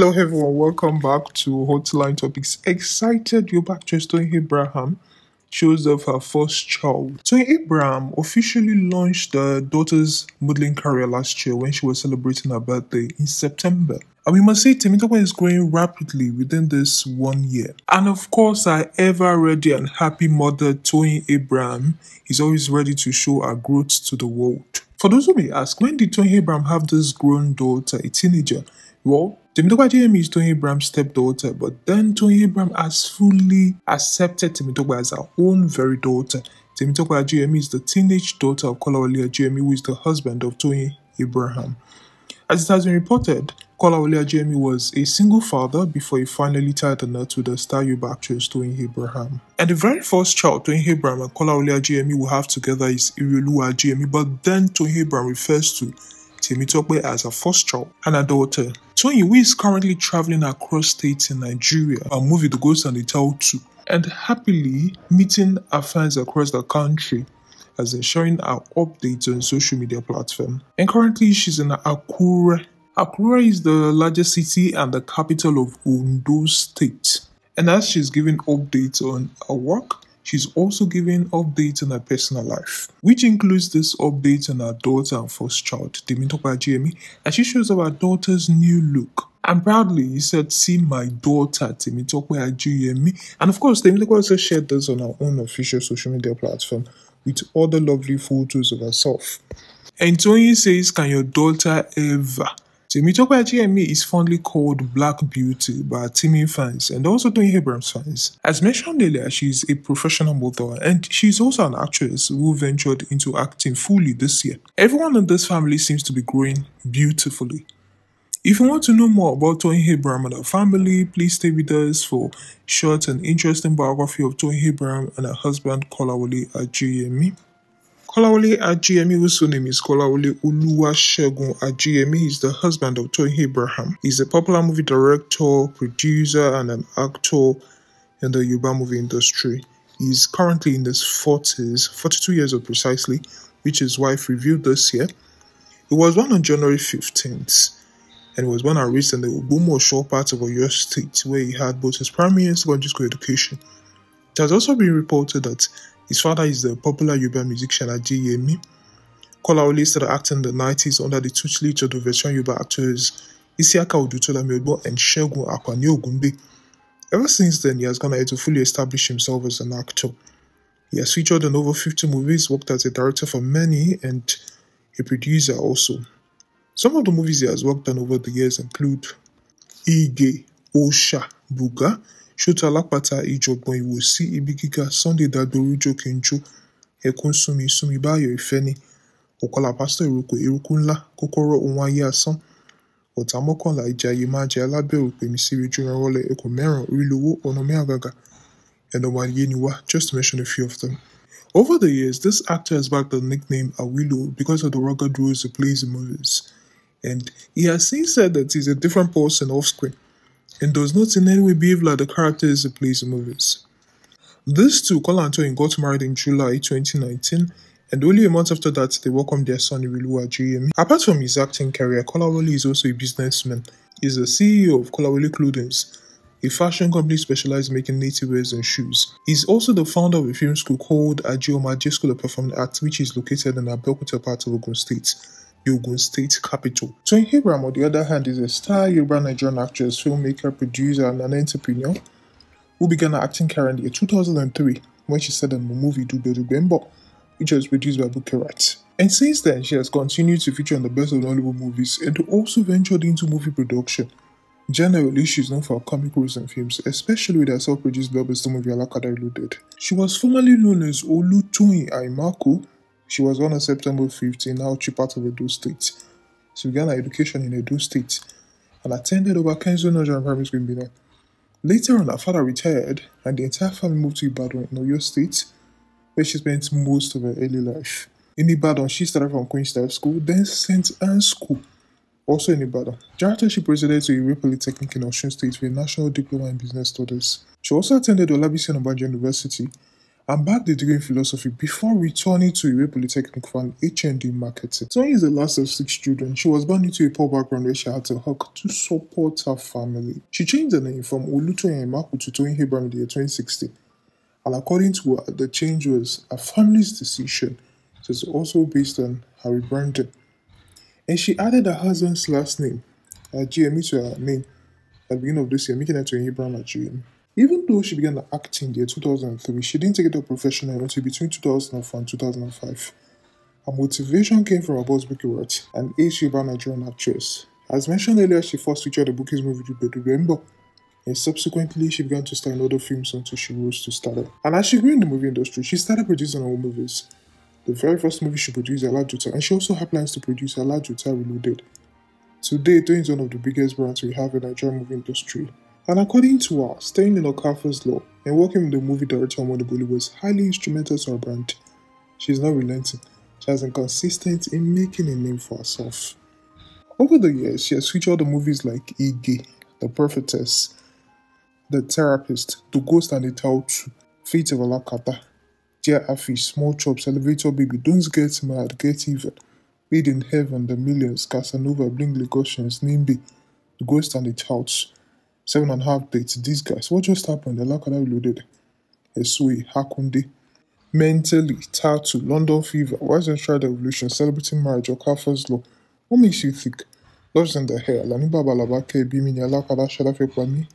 Hello, everyone. Welcome back to Hotline Topics. Excited you're back to Stone Abraham shows off her first child. So Abraham officially launched her daughter's modeling career last year when she was celebrating her birthday in September. And we must say Temitope is growing rapidly within this one year. And of course, our ever ready and happy mother, Tony Abraham, is always ready to show her growth to the world. For those who may ask, when did Tony Abraham have this grown daughter, a teenager? Well, Temitope Adeyemi is Tony Abraham's stepdaughter, but then Tony Abraham has fully accepted Temitope as her own very daughter. Temitope Adeyemi is the teenage daughter of Kolawole Adeyemi, who is the husband of Tony Abraham. As it has been reported, Kolawole Adeyemi was a single father before he finally tied the knot with the star Yoruba actress Tony Abraham. And the very first child Tony Abraham and Kolawole Adeyemi will have together is Irioluwa Adeyemi, but then Tony Abraham refers to Temitope as her first child and a daughter. Tony, who is currently traveling across states in Nigeria, a movie that goes on the tell too, and happily meeting her fans across the country as in sharing her updates on social media platform. And currently she's in Akure. Akure is the largest city and the capital of Ondo State. And as she's giving updates on her work, she's also giving updates on her personal life, which includes this update on her daughter and first child, Dimitopa Jamie, as she shows up her daughter's new look. And proudly, he said, See my daughter, Temitope Ajuyemi. And of course, Temitope also shared this on her own official social media platform with all the lovely photos of herself. And Tony says, Can your daughter ever Temitope GME is fondly called Black Beauty by Timmy fans and also Tony Abrams fans. As mentioned earlier, she is a professional model and she is also an actress who ventured into acting fully this year. Everyone in this family seems to be growing beautifully. If you want to know more about Tony Hebram and her family, please stay with us for short and interesting biography of Tony Hebram and her husband Kolawole GME. Kolawole Ajayemi, whose name is Kolawole Oluwasegun Ajayemi, is the husband of Toyin Abraham. He's a popular movie director, producer, and an actor in the Yoruba movie industry. He's currently in his 40s, 42 years old precisely, which his wife revealed this year. He was born on January 15th and was born and raised in the Ogbomoso part of Oyo State, where he had both his primary and secondary school education. It has also been reported that his father is the popular Yoruba musician Aji Yemi. Kolaole started acting in the 90s under the tutelage of the veteran Yoruba actors Isiaka Odutola Miodbo and Shegun Akwani Ever since then, he has gone ahead to fully establish himself as an actor. He has featured in over 50 movies, worked as a director for many, and a producer also. Some of the movies he has worked on over the years include Ige, Osha, Buga, ṣọ́tà to ìjọ̀gbọ̀n ìwò sí ibi gíga sunday dagboru jókè-ń-jò ẹkún súnmi súnmi báyọ̀ ìfẹ́ ni ọ̀kọlà pásítọ̀ ìrókò eruku ńlá kọ́kọ́rọ́ ohun ayé asán ọ̀tá mọ́kànlá ìjàyè máa jẹ alábẹ̀rù pèmí sí ojú ìrànwọ́lẹ̀ ẹkùn mẹ́ràn orílẹ̀-owó ọ̀nà mẹ́àgàgà ẹ̀nàmọ̀ ni wá just mention a few of them. Over the years, this actor has backed the nickname Awilo because of the rugged roles he plays in movies, and he has since said that he's a different person off screen and does not in any way behave like the characters he plays in movies. These two, Kola and Toyin, got married in July 2019, and only a month after that, they welcomed their son Irilu Ajayemi. Apart from his acting career, Kolawole is also a businessman. He's the CEO of Kolawole Clothings, a fashion company specialized in making native wears and shoes. He's also the founder of a film school called Ajiomaje School of Performing Arts, which is located in Abeokuta part of Ogun State. Ogun State capital. So Abraham, on the other hand, is a star Yoruba Nigerian actress, filmmaker, producer, and an entrepreneur who began her acting career in 2003 when she starred in the movie Bembo, which was produced by Booker And since then, she has continued to feature in the best of Nollywood movies and also ventured into movie production. Generally, she is known for her comic roles and films, especially with her self-produced blockbuster movie Alakada Reloaded. She was formerly known as Olu Olutoyin Aimako, she was born on September 15, now Chipat of Edo State. She began her education in Edo State and attended Obakenzo Nigerian Primary School in Benin. Later on, her father retired and the entire family moved to Ibadan in Oyo State, where she spent most of her early life. In Ibadan, she started from Queen's Dive School, then St. Anne's School, also in Ibadan. Thereafter, she proceeded to Iwe Polytechnic in Osun State for a national diploma in business studies. She also attended Olabisi Onabanjo University back the degree in philosophy before returning to Iwe Polytechnic for an HND marketing. Sonia is the last of six children. She was born into a poor background where she had to work to support her family. She changed her name from Olutoyin Emaku to Toyin Hebram in the year 2016. And according to her, the change was a family's decision. It was also based on her rebranding. And she added her husband's last name, uh, GME, to her name at the beginning of this year, making her to Hebram at GME. Even though she began acting in the year 2003, she didn't take it up professionally until between 2004 and 2005. Her motivation came from her boss Buki Rat, an age-young Nigerian actress. As mentioned earlier, she first featured in Buki's movie Dubedu Rembo, and subsequently she began to star in other films until she rose to stardom. And as she grew in the movie industry, she started producing her own movies. The very first movie she produced, Alajuta, and she also had plans to produce Alajuta Reloaded. Today, Toyin is one of the biggest brands we have in the Nigerian movie industry. And according to her, staying in Okafor's law and working with the movie director Omodiboli was highly instrumental to her brand. She's not relenting. She has been consistent in making a name for herself. Over the years, she has featured the movies like Iggy, The Prophetess, The Therapist, The Ghost and the Tauchu, Fate of Alakata, Dear Afi, Small Chops, Elevator Baby, Don't Get Mad, Get Even, Made in Heaven, The Millions, Casanova, Bling Legosians, *Nimby*, The Ghost and the Tauchu, Seven and a half bits. These guys. What just happened? The Alakada reloaded. Esui, Hakunde. Mentally, Tattoo, London Fever, Why is there Central Revolution, Celebrating Marriage, or Okafor's Law. What makes you think? Loves in the Hair, Lani Babalaba, Kebimi, Alakada, Shadafekwami,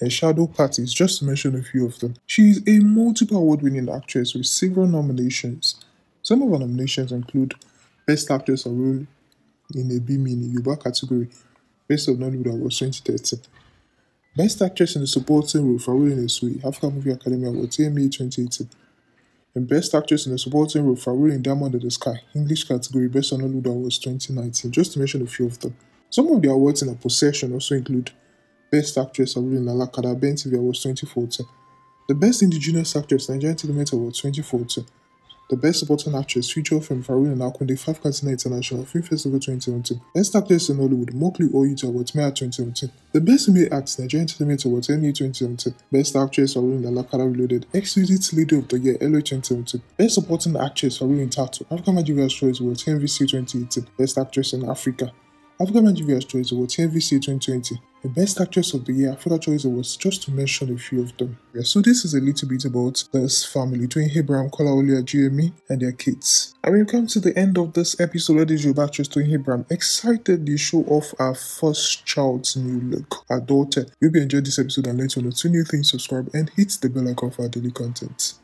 and Shadow Parties, just to mention a few of them. She is a multiple award winning actress with several nominations. Some of her nominations include Best Actress of Role in a B Bimini Yuba category, Best of Nollywood Awards 2013. Best Actress in a Supporting Role for Awele Nsui, African Movie Academy Award, TMA 2018. And Best Actress in a Supporting Role for Awele Diamond in the Sky, English category Best Honolulu Awards 2019, just to mention a few of them. Some of the awards in her possession also include Best Actress Awele in Alakada, Ben TV Awards 2014, the Best Indigenous Actress, Nigerian Telemet Award 2014, the Best Supporting Actress feature film Farina Nakunde 5 Continent International Film Festival 2017. Best Actress in Hollywood Mokli Oyuta Awards May 2017. The Best Male Act Nigeria Entertainment Awards NA 2017. Best Actress Farina Lakara Reloaded Exquisite Lady of the Year LA 2017. Best Supporting Actress Farina Tato African Nigeria's Choice Awards NVC 2018. Best Actress in Africa African Nigeria's Choice Awards NVC 2020. The Best Actress of the Year For that Choice was just to mention a few of them. Yeah, so this is a little bit about this family, Twin Abraham, Kolaolia, Jeremy, and their kids. And we've come to the end of this episode where this Yoruba actress Twin Abraham to show off her first child's new look, her daughter. You've enjoyed this episode and let us know two new things, subscribe and hit the bell icon for our daily content.